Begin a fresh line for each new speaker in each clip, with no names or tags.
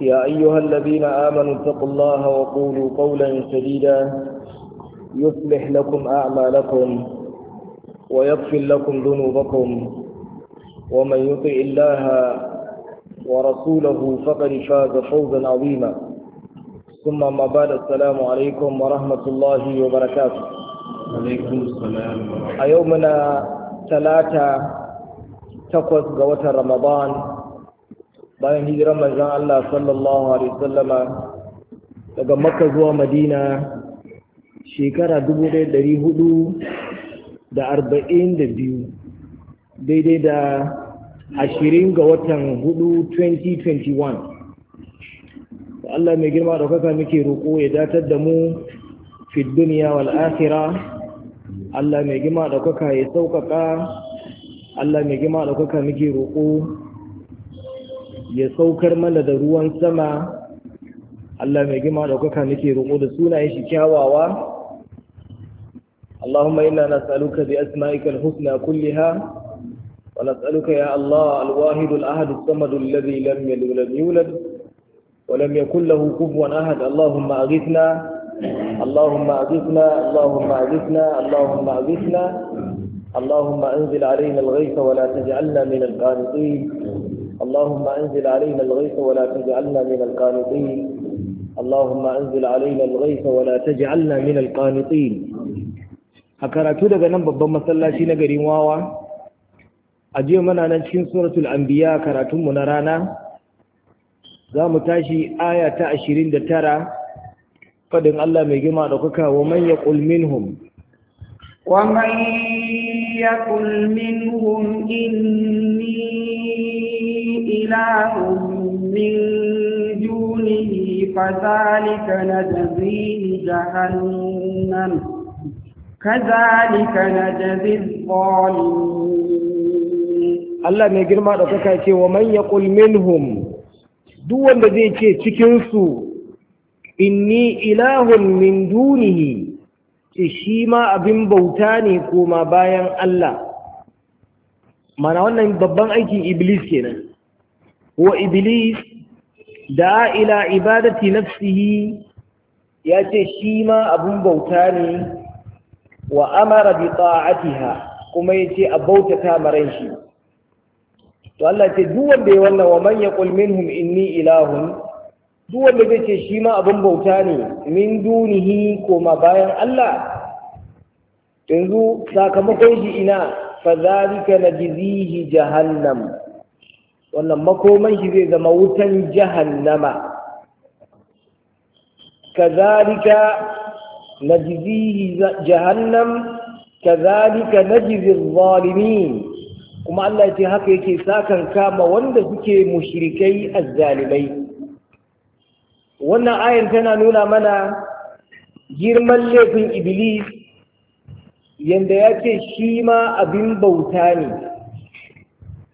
يا أيها الذين آمنوا اتقوا الله وقولوا قولا سديدا يصلح لكم أعمالكم ويغفر لكم ذنوبكم ومن يطع الله ورسوله فقد فاز فوزا عظيما ثم ما بعد السلام عليكم ورحمة الله وبركاته وعليكم السلام ورحمة الله أيومنا ثلاثة تقوى رمضان bayan hijiran manzan Allah sallallahu alaihi wasallama daga makka zuwa madina shekara biyu, daidai da ashirin ga watan hudu 2021 Allah mai girma da kaka muke roƙo ya datar da mu fi duniya wal akhira Allah mai girma da kaka ya sauƙaƙa Allah mai girma da kaka muke roƙo ya saukar mana da ruwan sama Allah mai gima ɗaukaka nake roƙo da sunayen shi kyawawa ina inna nas'aluka bi asma'ikal husna kulliha wa nas'aluka ya Allah al al-ahad as-samad alladhi lam yalid wa lam yulad wa lam yakul lahu kufuwan ahad Allahumma aghithna Allahumma aghithna Allahumma aghithna Allahumma aghithna Allahumma anzil alayna al-ghaytha wa la taj'alna min al اللهم أنزل علينا الغيث ولا تجعلنا من القانطين اللهم أنزل علينا الغيث ولا تجعلنا من القانطين a karatu daga nan babban masallaci na garin wawa a jiya mana nan cikin suratul anbiya karatunmu na rana za mu tashi aya ta ashirin da tara fadin Allah mai gima da kuka wa man yaqul minhum
wa man yaqul minhum inni إله من دونه فذلك نجزيه جهنم كذلك نجزي الظالمين
الله ما يجرم هذا ومن يقول منهم دون ذي تكنسوا inni ilahun min dunihi shi ma abin bauta ne koma bayan Allah mana wannan babban aikin iblis kenan wa iblis da ila ibadati nafsihi ya ce shi ma abun bauta ne wa amara bi ta'atiha kuma ya ce a bautata maran shi to Allah ce duk wanda ya wannan wa man yaqul minhum inni ilahun duk wanda zai ce shi ma abun bauta ne min dunihi koma bayan Allah yanzu sakamakon shi ina fa zalika najzihi jahannam wannan makoman shi zai zama wutan jahannama kazalika najzihi jahannam kazalika najzi adh kuma Allah ya ce haka yake sakan kama wanda suke mushrikai azzalimai wannan ayan tana nuna mana girman laifin iblis yanda ya ce shi ma abin bauta ne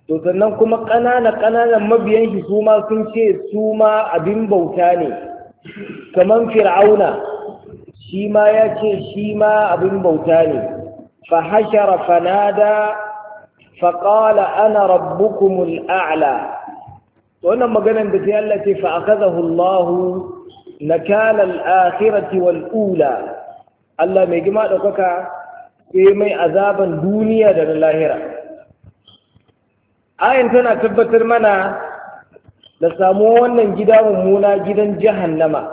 to sannan kuma ƙanana ƙananan mabiyan shi su ma sun ce su ma abin bauta ne kamar fir'auna shi ma ya ce shi ma abin bauta ne fa hashara fanada fa qala ana rabbukumul a'la to wannan maganar da sai Allah ce fa akhadahu Allah nakala al-akhirati wal ula Allah mai gima da kaka sai mai azaban duniya da na lahira ayin tana tabbatar mana da samu wannan gida mummuna gidan jahannama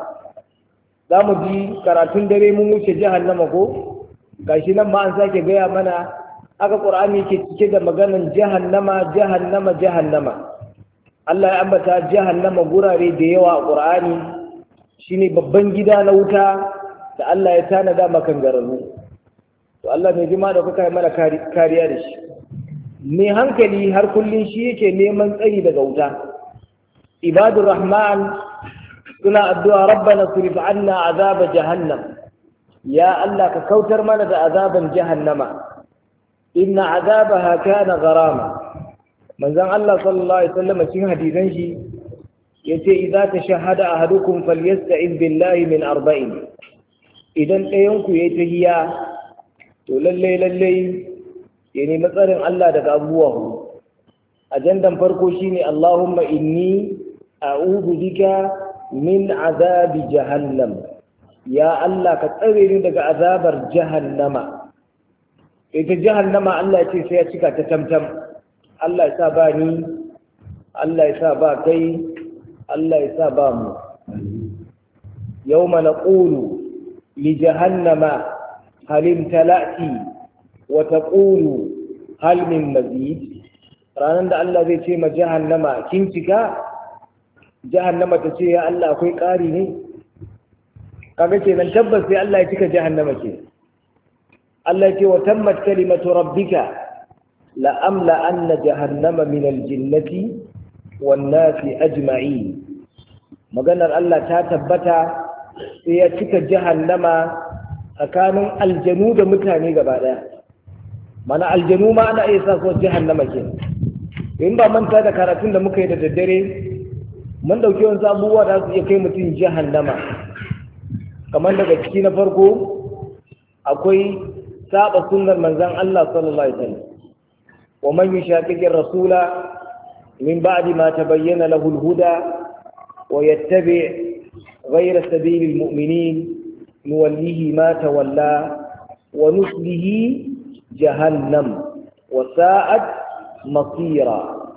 za mu ji karatun dare mun wuce jahannama ko gashi nan ma an sake gaya mana aka ƙur'ani ke cike da maganan jahannama jahannama jahannama Allah ya ambata jahannama gurare da yawa a ƙur'ani shine babban gida na wuta da Allah ya tanada makan gararru to Allah mai jima da kuka yi mana kariya da shi mai hankali har kullum shi yake neman tsari daga wuta ibadur rahman suna addu'a rabbana surif anna azaba jahannam ya Allah ka kautar mana da azaban jahannama inna azabaha kana gharama manzon Allah sallallahu alaihi wasallam cikin hadisan shi yace idza tashahada ahadukum falyasta'in billahi min arba'in idan ɗayanku ku yayi tahiya to lalle lalle ya matsarin tsarin Allah daga abubuwa hu ajandan farko shine Allahumma inni a'udhu bika min azabi jahannam ya Allah ka tsare ni daga azabar jahannama ita jahannama Allah ya ce sai ya cika ta tamtam Allah ya sa ba ni Allah ya sa ba kai Allah ya sa ba mu yawma naqulu li jahannama halim imtala'ti wa taqulu hal min mazid ranan da Allah zai ce ma jahannama kin cika jahannama ta ce ya Allah akwai ƙari ne kaga kenan tabbas sai Allah ya cika jahannama ke Allah ya ce wa tammat kalimatu rabbika la amla anna jahannama min aljinnati wan nasi ajma'in maganar Allah ta tabbata
sai ya cika
jahannama tsakanin aljanu da mutane gaba ɗaya mana aljanu ma ana iya sa su jahannama ke in ba manta da karatun da muka yi da daddare mun dauki wani abubuwa da su iya kai mutum jahannama kamar daga ciki na farko akwai saba sunnar manzon Allah sallallahu alaihi wasallam wa man yushaqiqir rasula min ba'di ma tabayyana lahu al-huda wa yattabi' ghayra sabili al-mu'minin nuwallihi ma tawalla wa nuslihi jahannam wa Sa'ad masira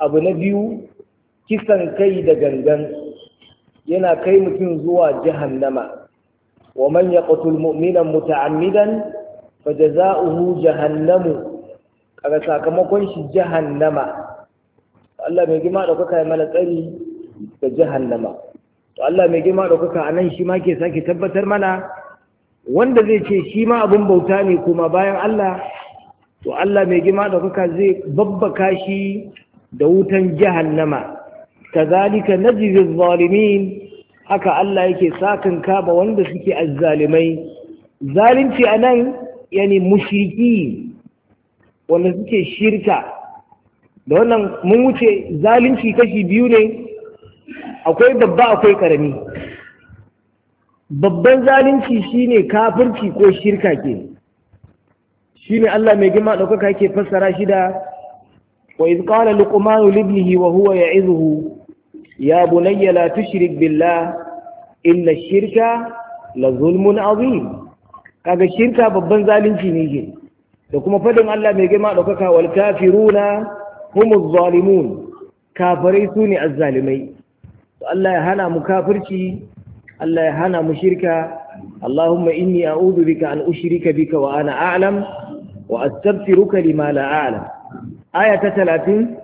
abu na biyu kisan kai da gangan yana kai mutum zuwa jahannama wa man yaqtul mu'mina muta'ammidan fajaza'uhu jahannamu kaga sakamakon shi jahannama Allah mai girma da kuka yi mana tsari da jahannama to Allah mai gima da kuka anan shi ma ke sake tabbatar mana wanda zai ce shi ma abin bauta ne kuma bayan Allah to Allah mai gima da kuka zai babbaka shi da wutan jahannama kazalika najzi zalimin haka Allah yake sa kaba wanda suke azzalimai zalunci anan yani mushriki wanda suke shirka da wannan mun wuce zalunci kashi biyu ne akwai babba akwai karami babban zalunci shine kafirci ko shirka ke shine Allah mai girma ɗaukaka ke fassara shida? da wa iz qala luqmanu li ibnihi wa huwa ya'izuhu ya bunayya la tushrik billah inna shirka la zulmun azim kaga shirka babban zalunci ne ke da kuma fadin Allah mai girma ɗaukaka wal kafiruna humuz zalimun kafirai sune azzalimai to Allah ya hana mu kafirci الله يهانا مشركا اللهم إني أعوذ بك أن أشرك بك وأنا أعلم وأستغفرك لما لا أعلم آية 30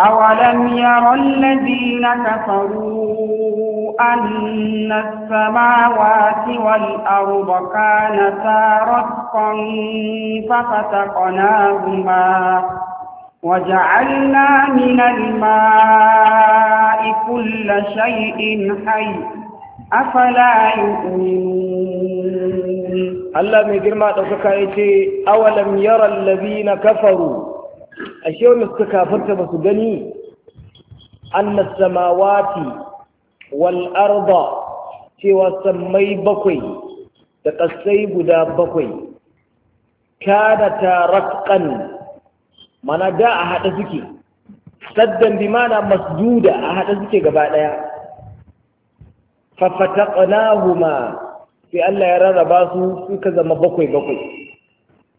أولم يرى الذين كفروا أن السماوات والأرض كانتا رتقا ففتقناهما وجعلنا من الماء كل شيء حي أفلا يؤمنون
الله من جرمات دوكا يتي أولم يرى الذين كفروا أشياء مستكافرت بسجني أن السماوات والأرض سوى سمي بقي تقسي بدا بقي كانتا رتقا mana da a haɗa suke saddan bi mana masduda a haɗa suke gaba ɗaya fafataqnahuma sai Allah ya rarraba su suka zama bakwai bakwai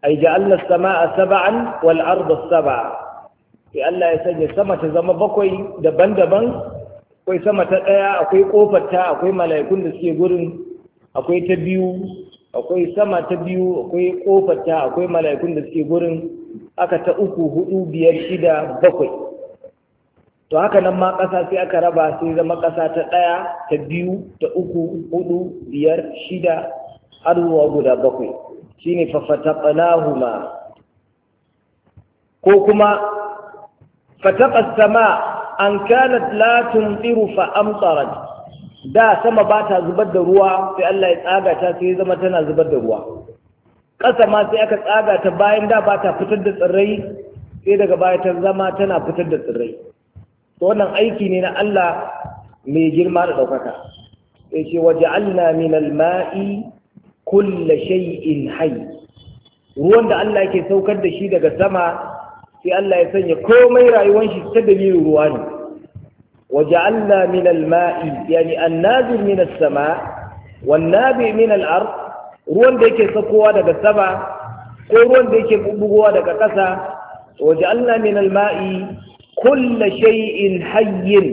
ai ja'alna as-samaa sab'an wal arda sab'a sai Allah ya sanya sama ta zama bakwai daban-daban akwai sama ta ɗaya akwai kofar ta akwai mala'ikun da suke gurin akwai ta biyu akwai sama ta biyu akwai kofar akwai mala'ikun da suke gurin aka ta uku hudu biyar shida bakwai to haka nan ma ƙasa sai aka raba sai zama ƙasa ta ɗaya ta biyu ta uku hudu biyar shida har guda bakwai shine fafataqnahuma ko kuma fataqa sama an kanat la tumtiru fa amtarat da sama ba ta zubar da ruwa sai Allah ya tsaga ta sai ya zama tana zubar da ruwa ƙasa ma sai aka tsaga ta bayan da ba ta fitar da tsirrai sai daga baya ta zama tana fitar da tsirrai to wannan aiki ne na Allah mai girma da ɗaukaka sai ce waja'alna min al-ma'i kulla shay'in hayy ruwan da Allah yake saukar da shi daga sama sai Allah ya sanya komai rayuwar shi ta dalilin ruwa ne وجعلنا من الماء يعني النازل من السماء والنابع من الأرض ruwan da yake sakowa daga sama ko ruwan da yake bugowa daga ƙasa waja'alna min al-ma'i kulla shay'in hayyin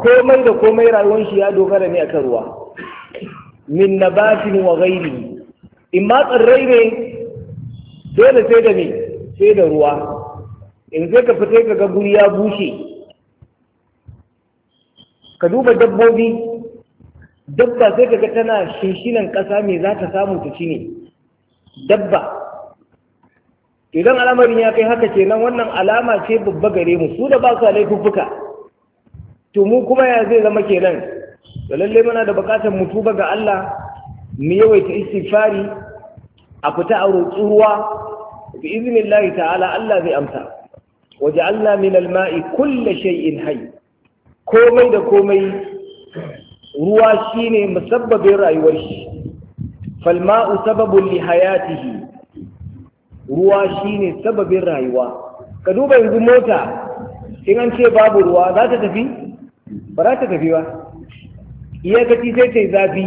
komai da komai rayuwar shi ya dogara ne akan ruwa min nabatin wa ghairi in ma tsirrai ne dole sai da me sai da ruwa in sai ka fita ka ga guri ya bushe ka duba dabbobi dabba sai ka ga tana shinshinan ƙasa mai za ta samu ta ci ne dabba idan al'amarin ya kai haka nan wannan alama ce babba gare mu su da ba su laifuffuka to mu kuma ya zai zama ke nan, da lallai muna da bukatar mu tuba ga Allah mu yawaita istighfari a fita a roƙi ruwa bi iznillahi ta'ala Allah zai amsa Waje Allah min al kulle shai shay'in hayy komai da komai ruwa shine musabbabin rayuwar shi falma'u sababun li hayatihi ruwa shine sababin rayuwa ka duba yanzu mota in an ce babu ruwa za ta tafi ba za ta tafi ba iyakaci sai ta yi zafi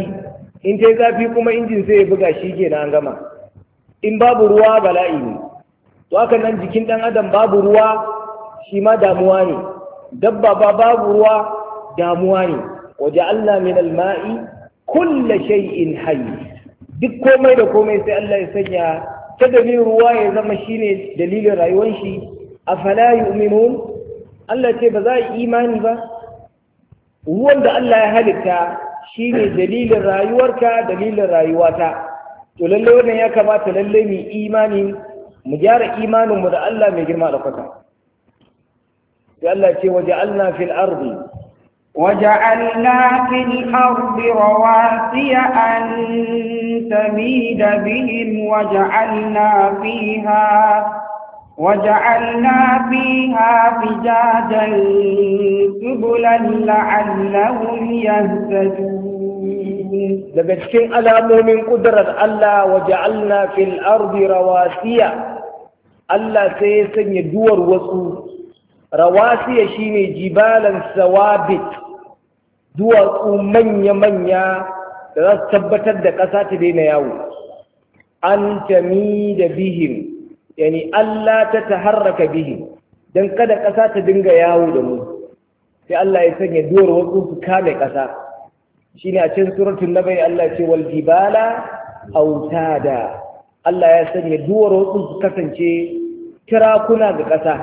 in ta yi zafi kuma injin sai ya buga shi ke na gama in babu ruwa bala'i ne to aka nan jikin ɗan adam babu ruwa shi ma damuwa ne dabba ba babu ruwa damuwa ne waje Allah min alma'i kulla shay'in hayy duk komai da komai sai Allah ya sanya ta dalilin ruwa ya zama shine dalilin rayuwar shi afala yu'minun Allah ce ba za a imani ba ruwan da Allah ya halitta shine dalilin rayuwarka dalilin rayuwata to lallai wannan ya kamata lallai mu imani mu gyara imaninmu da Allah mai girma da kwata يلا شيء وجعلنا في الأرض
وجعلنا في الأرض رواسي أن تميد بهم وجعلنا فيها وجعلنا فيها فجاجا سبلا لعلهم يهتدون
لما تكون ألا
من قدرة ألا
وجعلنا في الأرض رواسي ألا سيسن يدور وصول rawasiya shine jibalan sawabit duwatsu manya-manya da za su tabbatar da ƙasa ta daina yawo an tami da bihim yani Allah ta taharraka bihim don kada ƙasa ta dinga yawo da mu sai Allah ya sanya duwar wasu su kame ƙasa shine a cikin suratul nabai Allah ce wal jibala autada Allah ya sanya duwar wasu su kasance kuna ga ƙasa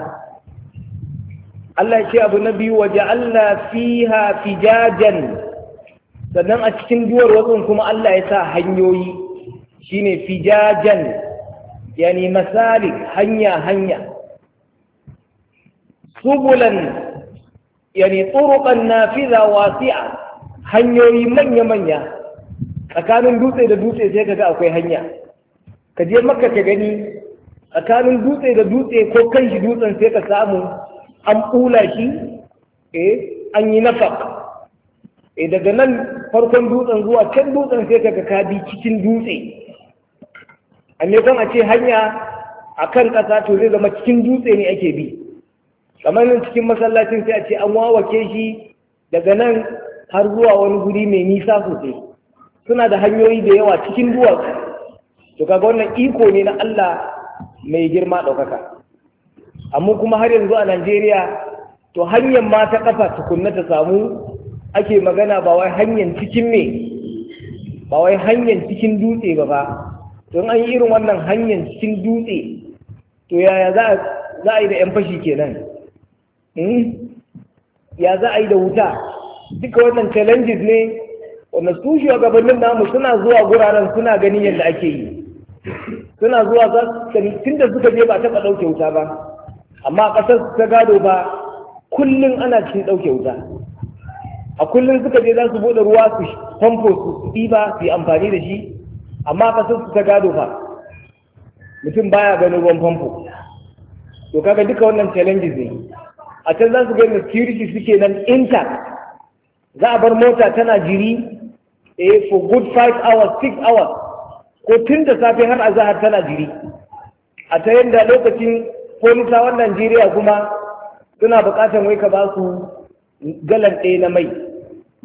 Allah ya ce abu na biyu waje Allah fiha fijajan sannan a cikin duwar wajen kuma Allah ya sa hanyoyi shine fijajan yani masalik hanya hanya subulan yani turuqan nafiza wasi'a hanyoyi manya manya tsakanin dutse da dutse sai kaga akwai hanya ka je makka ka gani tsakanin dutse da dutse ko kan shi dutsen sai ka samu an ɓula shi eh an yi nafaka e eh, daga nan farkon dutsen zuwa can dutsen sai ka ka bi cikin dutse a maimakon a ce hanya a kan ƙasa to zai zama cikin dutse ne ake bi kamar nan cikin masallacin sai a ce an wawake shi daga nan har zuwa wani guri mai nisa sosai suna da hanyoyi da yawa cikin duwatsu to kaga wannan iko ne na Allah mai girma ɗaukaka amma kuma har yanzu a najeriya to hanyar ma ta kafa tukunna ta samu ake magana ba wai hanyar cikin ne ba wai hanyar cikin dutse ba ba don an yi irin wannan hanyar cikin dutse to yaya za a yi da 'yan fashi kenan hmm? ya za a yi da wuta duka wannan challenges ne wanda su shugabannin namu suna zuwa guraren suna ganin yadda ake yi suna zuwa tun da suka je ba taɓa ɗauke wuta ba amma a ƙasar ta gado ba kullum ana cikin ɗauke wuta a kullum suka je za su buɗe ruwa su famfo su ɗiba su yi amfani da shi amma a ƙasar ta gado ba mutum baya ganin ruwan famfo to kaga duka wannan challenges ne a can za su ga security suke nan intact za a bar mota tana jiri eh for good five hours six hours ko tun da safe har a azahar tana jiri a ta yadda lokacin polisawan najeriya kuma suna bukatar wai ka ba su galan ɗaya na mai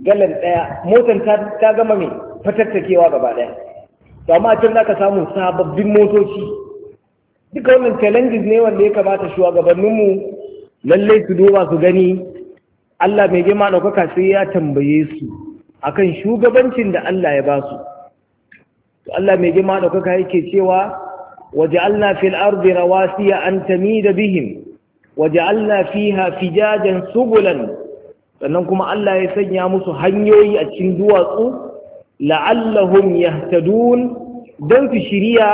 galan ɗaya motar ta gama mai fatattakewa gaba ɗaya to amma can za ka samu sababbin motoci duka wannan challenges ne wanda ya kamata shugabanninmu lallai su duba su gani Allah mai girma ɗaukaka sai ya tambaye su akan shugabancin da Allah ya ba su. To Allah mai girma ɗaukaka yake cewa وجعلنا في الأرض رواسي أن تميد بهم وجعلنا فيها فجاجا سبلا sannan kuma Allah ya sanya musu hanyoyi a cikin duwatsu la'allahum yahtadun don su shiriya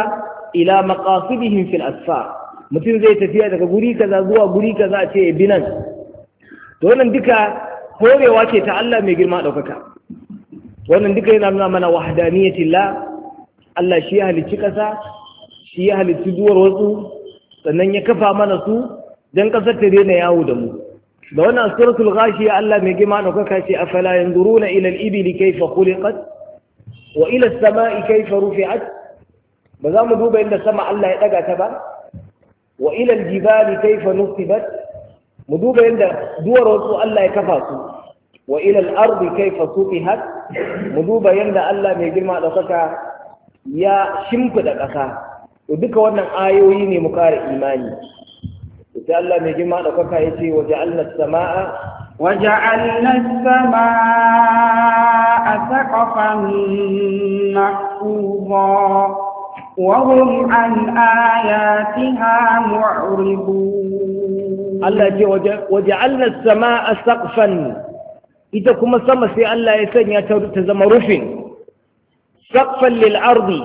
ila maqasidihim fil asfar mutum zai tafiya daga guri kaza zuwa guri kaza a ce bi to wannan duka horewa ce ta Allah mai girma ɗaukaka wannan duka yana nuna mana wahdaniyatillah Allah shi ya halicci ƙasa shi ya halitti duwar wasu sannan ya kafa mana su don ƙasar ta daina yawo da mu da wannan suratul ghashiya Allah mai gima da kuka ce afala yanzuruna ila al-ibli kayfa khuliqat wa ila as-sama'i kayfa rufi'at ba za mu duba inda sama Allah ya daga ta ba wa ila al-jibali kayfa nusibat mu duba yadda duwar wasu Allah ya kafa su wa ila al-ardi kayfa suqihat mu duba yadda Allah mai girma da kuka ya shimfida ƙasa duka wannan ayoyi ne mu ƙara imani sai Allah mai girma da kwaka yace wa ja'alna samaa
wa ja'alna samaa saqafan Allah وهم عن آياتها
samaa الله ita kuma sama sai Allah ya sanya ta zama rufin رفن lil ardi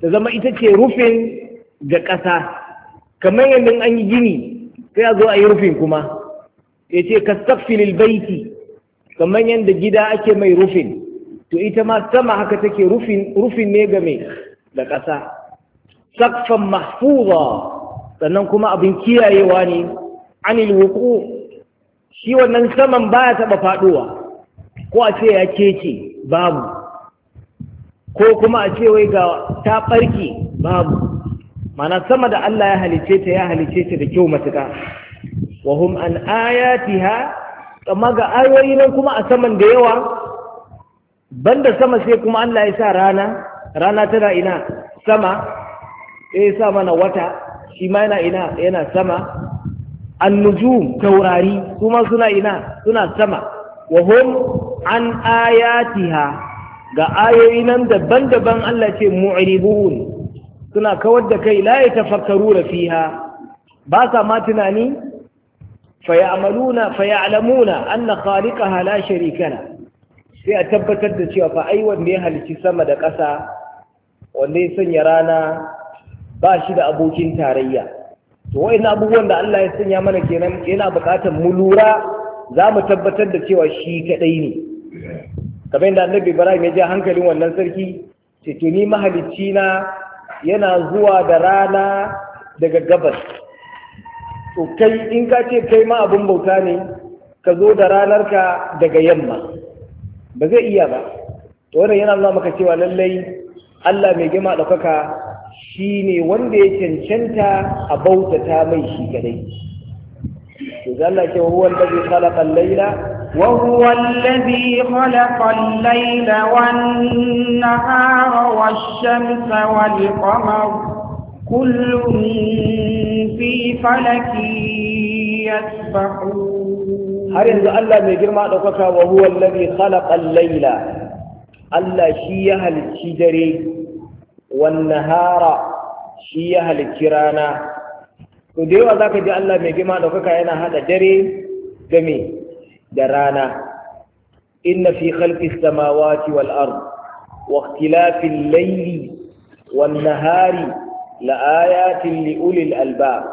ta zama ita ce rufin ga ƙasa kamar yadda an yi gini sai a zo a yi rufin kuma ya ce ka baiti kamar yadda gida ake mai rufin to ita ma sama haka take rufin ne ga mai da ƙasa sakfan mahfuza sannan kuma abin kiyayewa ne anil wuku shi wannan saman baya taɓa faɗowa ko a ce ya kece babu ko kuma a ce wai ga ta barki babu mana sama da Allah ya halice ta ya halice ta da kyau matuƙa wa hum an ayatiha kuma ga ayoyi nan kuma a saman da yawa banda sama sai kuma Allah ya sa rana rana tana ina sama eh, ya sa mana wata shi ma yana ina yana sama annujum taurari kuma suna ina suna sama wa hum an ayatiha ga ayoyi nan daban-daban Allah ce mu'ribun suna kawar da kai la da fiha ba sa ma tunani fa ya'maluna fa ya'lamuna anna khaliqaha la sai a tabbatar da cewa fa ai wanda ya halici sama da ƙasa wanda ya sanya rana ba shi da abokin tarayya to wa'in abubuwan da Allah ya sanya mana kenan yana buƙatar mu lura za mu tabbatar da cewa shi kaɗai ne kamar da annabi ibrahim ya ja hankalin wannan sarki ce tuni mahalicci na yana zuwa da rana daga gabas to kai in ka ce kai ma abin bauta ne ka zo da ranar ka daga yamma ba zai iya ba to wannan yana nuna maka cewa lallai Allah mai gima ɗaukaka shi ne wanda ya cancanta a bautata mai shi kadai to Allah ce wa huwa allazi khalaqa al-laila وهو
الذي خلق الليل والنهار والشمس والقمر كل في فلك يسبحون هل ينزل
الله من جرمى لك وهو الذي خلق الليل الله شيها للشجر والنهار شيها للشرانة ودي وذاك جاء الله من جرمى لك يعني هذا جري جميل درانا إن في خلق السماوات والأرض واختلاف الليل والنهار لآيات لأولي الألباب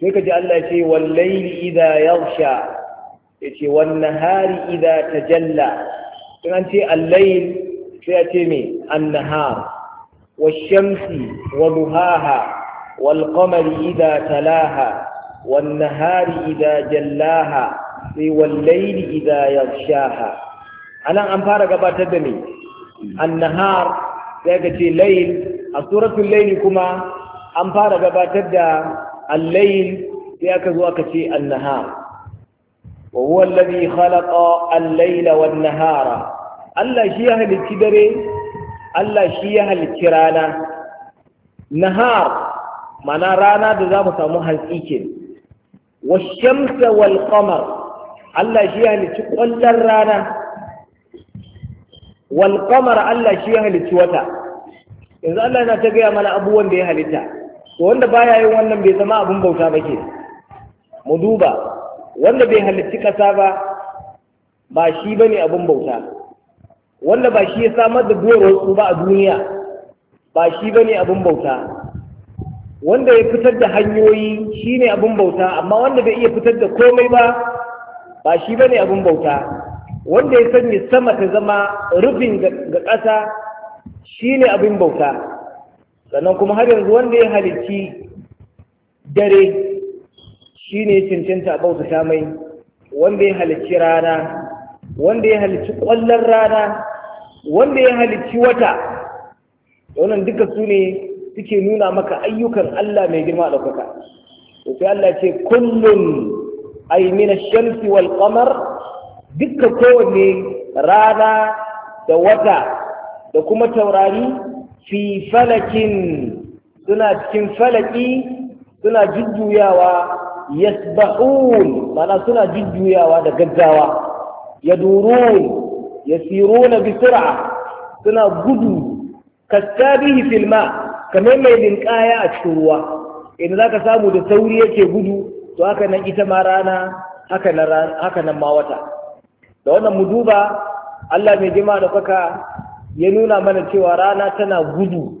كيف جاء الله يقول والليل إذا يغشى يقول والنهار إذا تجلى يعني الليل سيأتي النهار والشمس وضهاها والقمر إذا تلاها والنهار إذا جلاها sai wallaili idza yaghshaha anan an fara gabatar da me annahar sai ka ce layl a suratul layl kuma an fara gabatar da al-layl sai aka zo aka ce annahar wa huwa alladhi khalaqa al-layla wan-nahara Allah shi ya halicci dare Allah shi ya halicci rana nahar mana rana da za mu samu hantsi ke wa shamsa wal qamar Allah shi ya halici ƙwallon rana wal Allah shi ya halici wata yanzu Allah yana ta gaya mana abubuwan da ya halitta to wanda baya yin wannan bai zama abin bauta ba ke mu duba wanda bai halicci ƙasa ba ba shi ne abin bauta wanda ba shi ya samar da duwar wasu ba a duniya ba shi ba ne abin bauta wanda ya fitar da hanyoyi shi ne abin bauta amma wanda bai iya fitar da komai ba ba shi ba ne abin bauta wanda ya sanya sama ta zama rufin ga ƙasa shine abin bauta sannan kuma har yanzu wanda ya halicci dare shine cancanta bauta ta mai wanda ya halicci rana wanda ya halicci ƙwallon rana wanda ya halicci wata wannan duka su ne suke nuna maka ayyukan Allah mai girma da to sai Allah ce kullum ay min ash-shamsi wal qamar rana da wata da kuma taurari fi falakin suna cikin falaki suna jujjuyawa yasbahun mana suna jujjuyawa da gaggawa yadurun yasiruna bi sur'a suna gudu kasabihi fil ma kamar mai linkaya a cikin ruwa idan zaka samu da sauri yake gudu to haka nan ita ma rana haka nan ma wata da wannan mu duba Allah mai jima da kuka ya nuna mana cewa rana tana gudu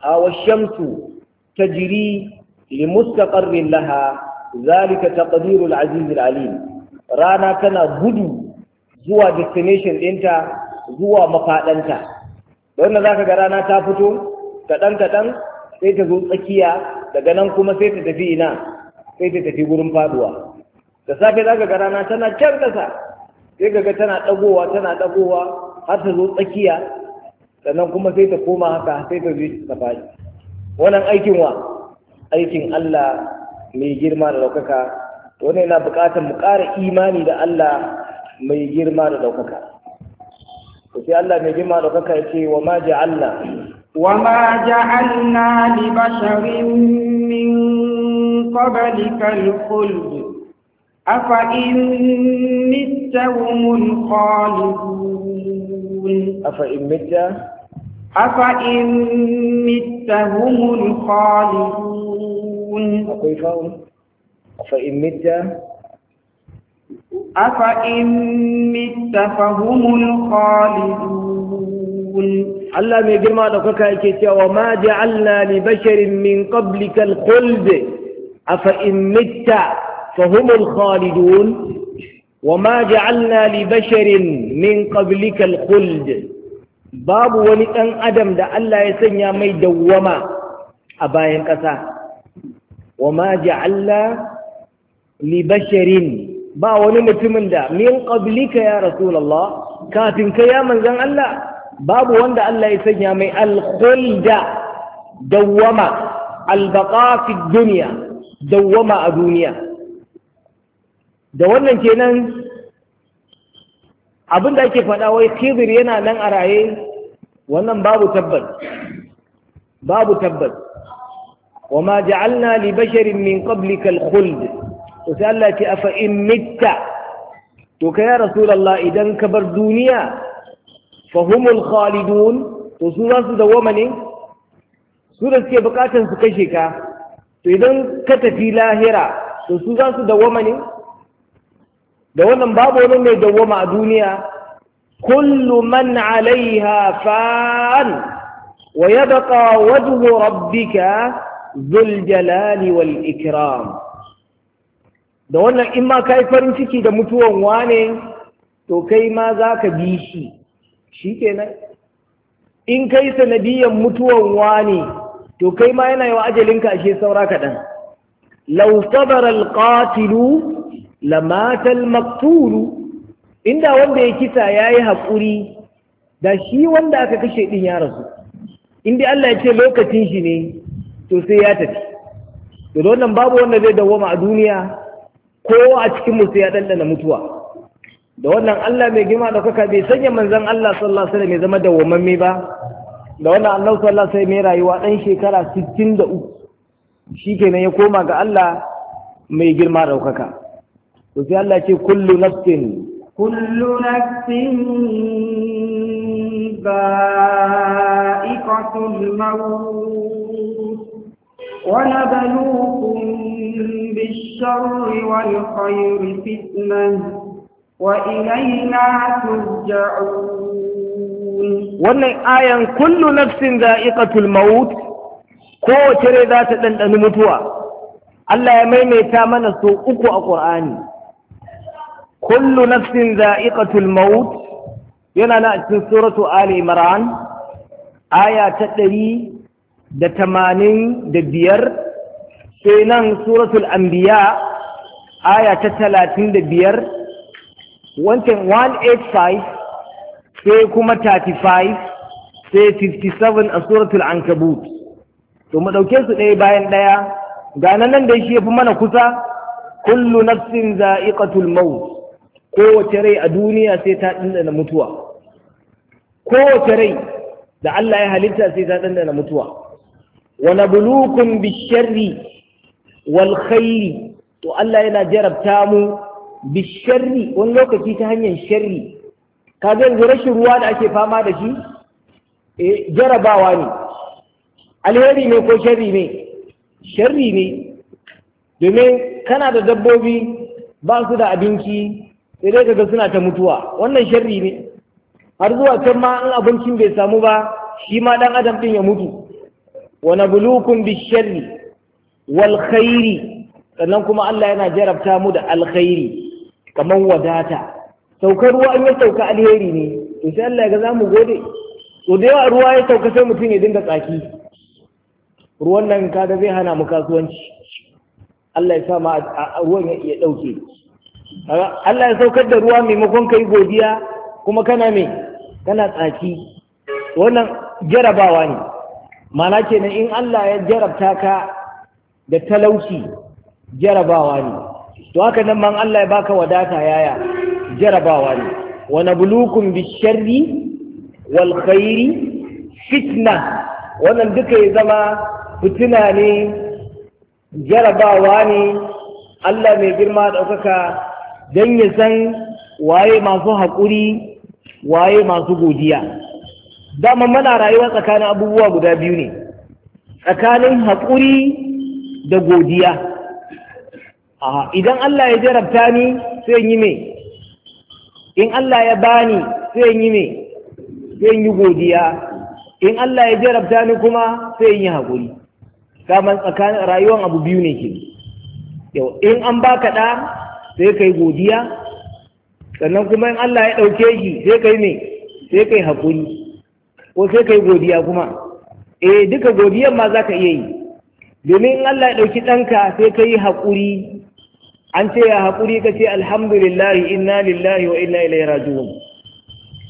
a washamsu ta jiri limustaqarrin laha zalika taqdirul azizul alim rana tana gudu zuwa destination ɗinta zuwa mafaɗanta da wannan zaka ga rana ta fito kaɗan kaɗan sai ta zo tsakiya daga nan kuma sai ta tafi ina sai ta tafi wurin faduwa da safe za ka ga rana tana can ƙasa sai ka ga tana ɗagowa tana ɗagowa har ta zo tsakiya sannan kuma sai ta koma haka sai ta zo ta faɗi wannan aikin wa aikin Allah mai girma da ɗaukaka wannan yana buƙatar mu ƙara imani da Allah mai girma da ɗaukaka to sai Allah mai girma da ɗaukaka ya ce wa ma ja'alna
wa ma ja'alna li basharin min قبلك الخلد أفإن مت هم الخالدون أفإن مت أفإن مت هم الخالدون أفإن مت أفإن مت فهم الخالدون
الله يجمع لك da kuka yake cewa ma ja'alna li أفإن مت فهم الخالدون وما جعلنا لبشر من قبلك الخلد باب ولئن أدم دا ألا يسنيا مي دوما أباين قسا وما جعلنا لبشر با ولمتمن دا من قبلك يا رسول الله كاتنك يا من زن الله باب وند ألا يسنيا مي الخلد دوما البقاء في الدنيا dawwama a duniya da wannan kenan abin da ake faɗa wai khidir yana nan a raye wannan babu tabbas babu tabbas wa ma ja'alna li basharin min qablika al-khuld sai Allah ce afa in mitta to kai ya rasulullah idan ka bar duniya fahumul khalidun to su za su dawwama ne su da suke bukatan su kashe ka to idan ka tafi lahira to su za su dawoma ne da wannan babu wani mai dawoma a duniya kullu man alaiha fa’an wa yabqa wajhu rabbika dhul jalali wal ikram da wannan in ma kai farin ciki da mutuwan wane to kai ma za ka bi shi shikenan in kai sanadiyan mutuwan wane to kai ma yana yawa ajalinka ashe saura kaɗan law sabara alqatilu lamata inda wanda ya kisa yayi hakuri da shi wanda aka kashe din ya rasu inda Allah ya ce lokacin shi ne to sai ya tafi to don nan babu wanda zai dawoma a duniya ko a cikin mu sai ya dandana mutuwa da wannan Allah mai girma da kuka bai sanya manzon Allah sallallahu alaihi wasallam ya zama dawwamamme ba da wannan annabi sallallahu alaihi mai rayuwa ɗan shekara 63 shikenan ya koma ga Allah mai girma daukaka to sai Allah ce kullu nafsin
kullu nafsin ba'iqatul maut wa nabluukum bish-sharri wal khayri fitnah wa ilayna turja'un wannan
ayan kullu nafsin za'iqatul maut kowace rai za ta ɗanɗani mutuwa Allah ya maimaita mana so uku a ƙur'ani kullu nafsin za'iqatul maut yana na cikin suratu ali imran aya ta ɗari da tamanin da biyar sai nan suratul anbiya aya ta talatin da biyar wancan 185 sai kuma 35 sai 57 a suratul ankabut to mu ɗauke su ɗaya bayan ɗaya ga nan da shi ya fi mana kusa kullu nafsin za'iqatul maut kowace rai a duniya sai ta ɗanɗana mutuwa kowace rai da Allah ya halitta sai ta ɗanɗana mutuwa wa nabluukum bisharri wal khayri to Allah yana jarabta mu bisharri wani lokaci ta hanyar sharri ka ga yanzu rashin ruwa da ake fama da shi eh jarabawa ne alheri ne ko sharri ne sharri ne domin kana da dabbobi ba su da abinci sai dai kaga suna ta mutuwa wannan sharri ne har zuwa can ma in abincin bai samu ba shi ma dan adam din ya mutu wa nabluukum bisharri wal khairi sannan kuma Allah yana jarabta mu da alkhairi kamar wadata saukar ruwa an yi sauka alheri ne to sai Allah ya ga mu gode to da yawa ruwa ya sauka sai mutum ya dinga tsaki ruwan nan kada zai hana mu kasuwanci Allah ya sa ma ruwan ya dauke Allah ya saukar da ruwa maimakon kai godiya kuma kana me kana tsaki wannan jarabawa ne mana kenan in Allah ya jarabta ka da talauci jarabawa ne to haka nan man Allah ya baka wadata yaya jarabawa ne Wane bulukun bisharri wal khairi fitna wannan duka ya zama fitina ne jarabawa ne Allah mai girma ɗaukaka don ya san waye masu haƙuri waye masu godiya dama mana rayuwa tsakanin abubuwa guda biyu ne tsakanin haƙuri da godiya idan Allah ya jarabta ni sai yi mai in Allah ya bani sai yi me sai yi godiya in Allah ya jarabta ni kuma sai yi haƙuri kamar tsakanin rayuwar abu biyu ne ke yau in an baka ɗa sai kai godiya sannan kuma in Allah ya ɗauke shi sai kai me sai kai haƙuri ko sai kai godiya kuma eh duka godiyar ma za ka iya yi domin in Allah ya ɗauki ɗanka sai kai haƙuri an ce ya haƙuri ka ce alhamdulillahi inna lillahi wa inna ilaihi raji'un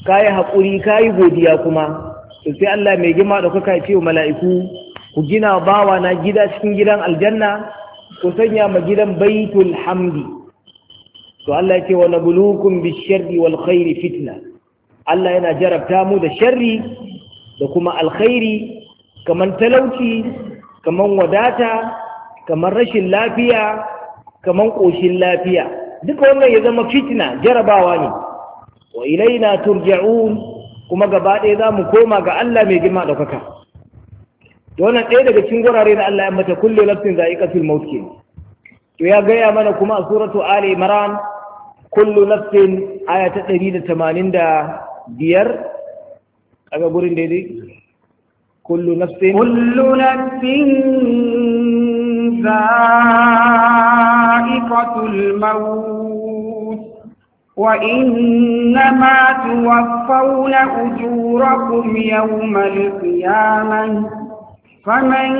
ka yi haƙuri ka yi godiya kuma to sai Allah mai gima da kuka ce wa mala'iku ku gina bawa na gida cikin gidan aljanna ku sanya ma gidan baitul hamdi to Allah ya ce wa nabluukum bish-sharri wal khairi fitna Allah yana jarabta mu da sharri da kuma alkhairi kaman talauci kamar wadata kaman rashin lafiya kaman ƙoshin lafiya duka wannan ya zama fitina jarabawa ne wa ilaina turja'un kuma gaba ɗaya za mu koma ga Allah mai girma ɗaukaka to wannan ɗaya daga cikin gurare na Allah ya mata za a yi maut ke to ya gaya mana kuma a suratu ali imran kullu nafsin aya ta ɗari da da tamanin 185 kaga gurin daidai Kullum nafsin kullu
nafsin ذائقة الموت وإنما توفون أجوركم يوم القيامة فمن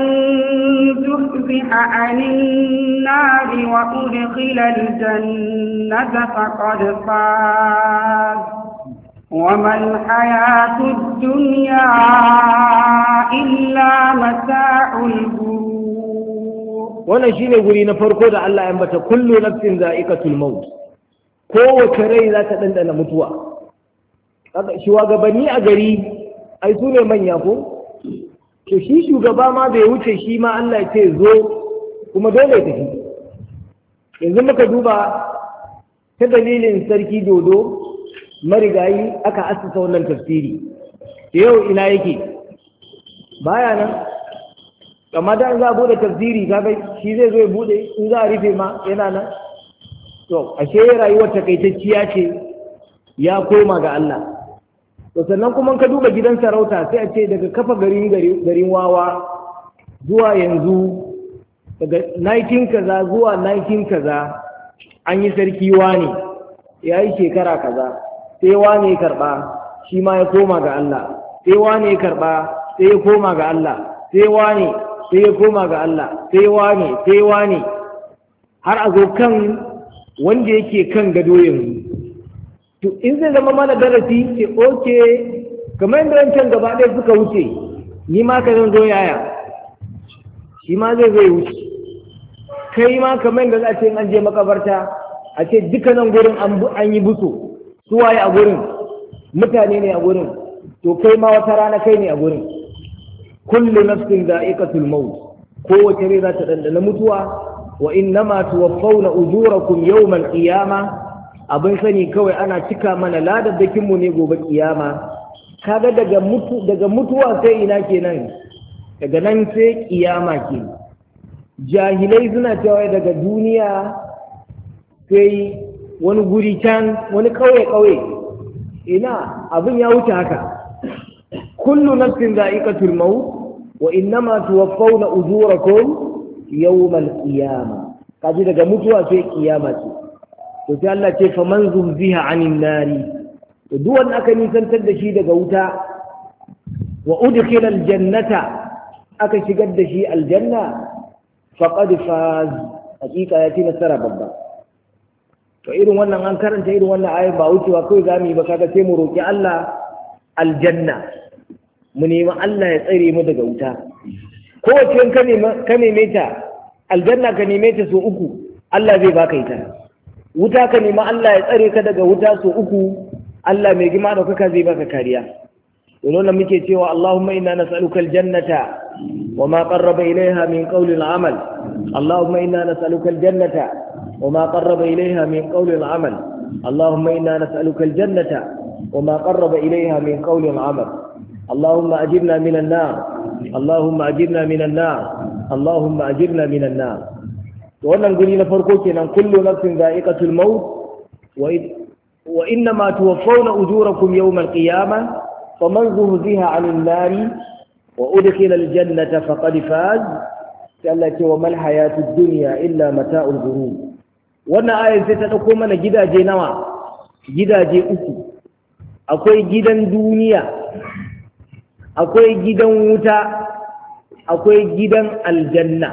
زحزح عن النار وأدخل الجنة فقد فاز وما الحياة الدنيا إلا متاع الغرور
wannan shine guri na farko da Allah ya ambata kullu nafsin za'iqatul maut kowace rai za ta dandana mutuwa kaga shugabanni a gari ai su ne manya ko to shi shugaba ma bai wuce shi ma Allah ya ce zo kuma dole ya tafi yanzu muka duba ta dalilin sarki dodo marigayi aka asasa wannan tafsiri yau ina yake baya nan amma da za a bude tafsiri kaga shi zai zo ya bude in za a rufe ma yana nan to ashe rayuwar takaitacciya ce ya koma ga Allah to sannan kuma ka duba gidan sarauta sai a ce daga kafa garin garin wawa zuwa yanzu daga 19 kaza zuwa 19 kaza an yi sarki wani ya yi shekara kaza sai wani ya karba shi ma ya koma ga Allah sai wani ya karba sai ya koma ga Allah sai wani sai ya koma ga Allah sai wane sai wane har a zo kan wanda yake kan gado yanzu to in zai zama mana darasi ce oke kamar yadda wancan gaba ɗaya suka wuce ni ma ka zan zo yaya shi ma zai zai wuce kai ma kamar yadda za a ce an je makabarta a ce nan gurin an yi buso suwaye a gurin mutane ne a gurin to kai ma wata rana kai ne a gurin kullu nafsin da'iqatul maut kowace rai za ta dandana mutuwa wa innama tuwaffawna ujurakum yawmal qiyama abin sani kawai ana cika mana ladaddakin mu ne gobe kiyama kaga daga mutu daga mutuwa sai ina kenan daga nan sai kiyama ke jahilai suna cewa daga duniya sai wani guri can wani kauye-kauye ina abin ya wuce haka kullu nafsin za'iqatul maut wa innama tuwaffawna ujurakum yawmal qiyama kaji daga mutuwa sai kiyama ce to sai Allah ce fa man zumziha anin nari to duk wanda aka nisantar da shi daga wuta wa udkhila aljannata aka shigar da shi aljanna faqad faz hakika ya ci nasara babba to irin wannan an karanta irin wannan ayin ba wucewa kai za mu yi ba kaga sai mu roki Allah aljanna mu nemi Allah ya tsare mu daga wuta kowace ka neme ta aljanna ka neme ta sau uku Allah zai baka ita wuta ka nemi Allah ya tsare ka daga wuta sau uku Allah mai gima da kuka zai baka kariya domin da muke cewa Allahumma inna nas'aluka aljannata wa ma qarraba ilaiha min qawli al'amal Allahumma inna nas'aluka aljannata wa ma qarraba ilaiha min qawli al'amal Allahumma inna nas'aluka aljannata wa ma qarraba ilaiha min qawli al'amal اللهم أجرنا من النار اللهم أجرنا من النار اللهم من النار wannan guri na farko kenan kullu nafsin za'iqatul maut wa inna ma tuwaffawna ujurakum yawmal qiyamah faman zuhziha 'anil nari wa udkhila al jannata faqad faz allati wa mal hayatud dunya illa mata'ul ghurur wannan ayar sai ta dauko mana gidaje nawa gidaje uku akwai gidan duniya akwai gidan wuta akwai gidan aljanna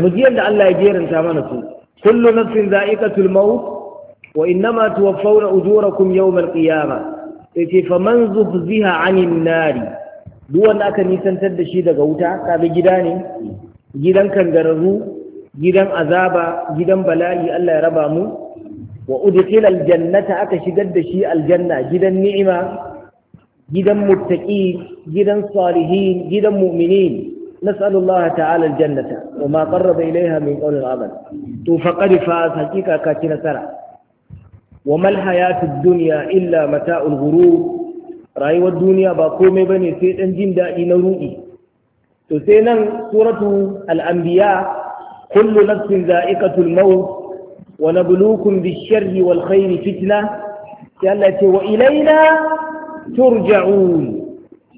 mu ji yadda Allah ya jeranta mana su kullu nafsin za'iqatul maut wa innama tuwaffawna ujurakum yawmal qiyamah yace faman zuhziha 'anil nari duk wanda aka nisantar da shi daga wuta kabe gida ne gidan kangararru gidan azaba gidan bala'i Allah ya raba mu wa udkhila aljannata aka shigar da shi aljanna gidan ni'ima gidan muttaqi gidan salihin gidan mu'minin nas'alullaha ta'ala aljannata wa ma qarraba ilayha min qawlin amal to faqad faz hakika ka ci nasara wa mal hayatud dunya illa mata'ul ghurur rayuwar duniya ba komai bane sai ɗan jin daɗi na ruɗi. to sai nan suratu al-anbiya kullu nafsin za'iqatul maut wa nabluukum bish-sharri wal khairi fitna sai ce wa ilaina turja'un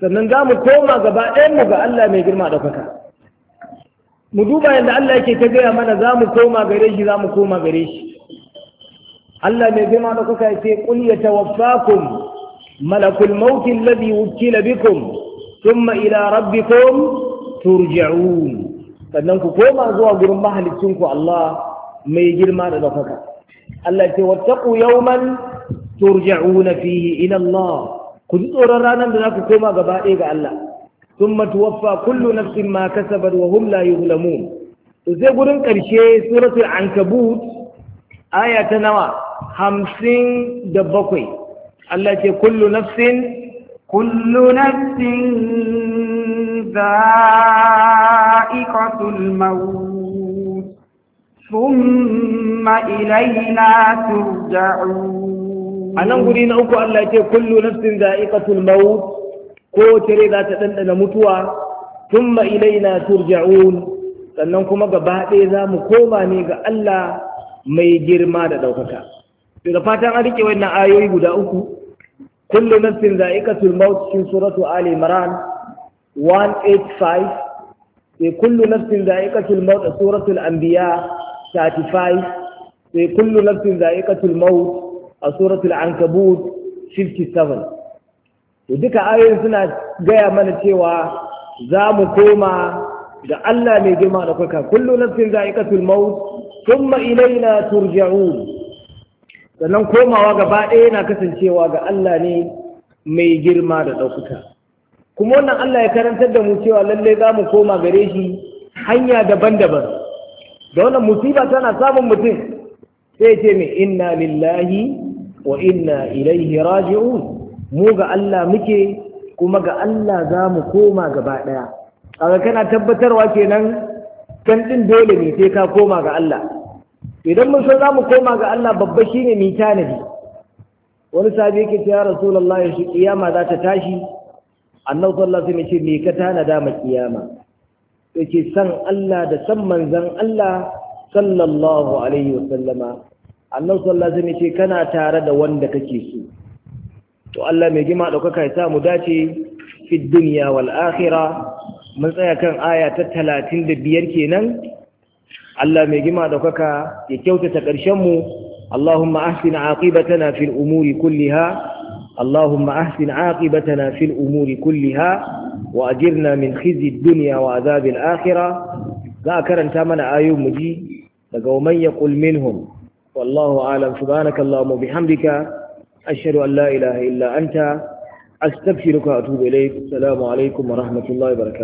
sannan za mu koma gaba ɗayanmu ga Allah mai girma ɗaukaka mu duba yadda Allah yake ta gaya mana za mu koma gare shi za mu koma gare shi Allah mai girma ɗaukaka ya ce ƙul ya tawaffakum malakul mautin ladhi wukila bikum thumma ila rabbikum turja'un sannan ku koma zuwa gurin ku Allah mai girma da ɗaukaka Allah ya ce wattaqu yawman turja'una fihi ila Allah kun tsoron ranar da za ku koma gaba ɗaya ga Allah sun matuwaffa kullu nafsin ma kasabar wa hum la yuzlamun to sai gurin ƙarshe suratul ankabut aya ta nawa hamsin da bakwai Allah ce
kullu nafsin kullu nafsin za'iqatul maut ثم إلينا ترجعون a nan guri na uku Allah ce
kullu nafsin za'iqatul maut ko tare za ta dandana mutuwa thumma ilaina turja'un sannan kuma gaba ɗaya za mu koma ne ga Allah mai girma da ɗaukaka daga fatan an riƙe wannan ayoyi guda uku kullu nafsin za'iqatul maut cikin suratu ali imran 185 sai kullu nafsin za'iqatul maut a suratul anbiya 35 sai kullu nafsin za'iqatul maut a suratul ankabut 57 to duka ayoyin suna gaya mana cewa za mu koma ga Allah mai girma da kuka kullu nafsin za'iqatul maut thumma ilaina turja'un sannan komawa gaba ɗaya yana kasancewa ga Allah ne mai girma da ɗaukaka kuma wannan Allah ya karantar da mu cewa lallai za mu koma gare shi hanya daban-daban da wannan musiba tana samun mutum sai ce mai inna lillahi wa inna ilaihi raji'un mu ga Allah muke kuma ga Allah za mu koma gaba ɗaya kaga kana tabbatarwa kenan kan ɗin dole ne sai ka koma ga Allah idan mun san za mu koma ga Allah babba shine mi tanadi wani sabi yake ya rasulullahi shi kiyama za ta tashi annabi sallallahu alaihi wasallam ce me ka tanada ma kiyama yake san Allah da san manzon Allah sallallahu alaihi wasallama annan sallazin ce kana tare da wanda kake so. to Allah mai gima ɗaukaka ya samu dace fi duniya wal akhira mun tsaya kan aya ta talatin da biyar kenan Allah mai gima ya kyautata ƙarshen mu. Allahumma ahsin tana fil umuri kulliha Allahumma ahsin aqibatana fil umuri kulliha wa ajirna min khizi dunya wa azabil akhira za a karanta mana ayoyin mu ji daga manya qul minhum wallahu alam subhanakallahumma bihamdika ashhadu an la ilaha illa anta astaghfiruka wa atubu ilayk assalamu alaikum wa rahmatullahi wa barakatuh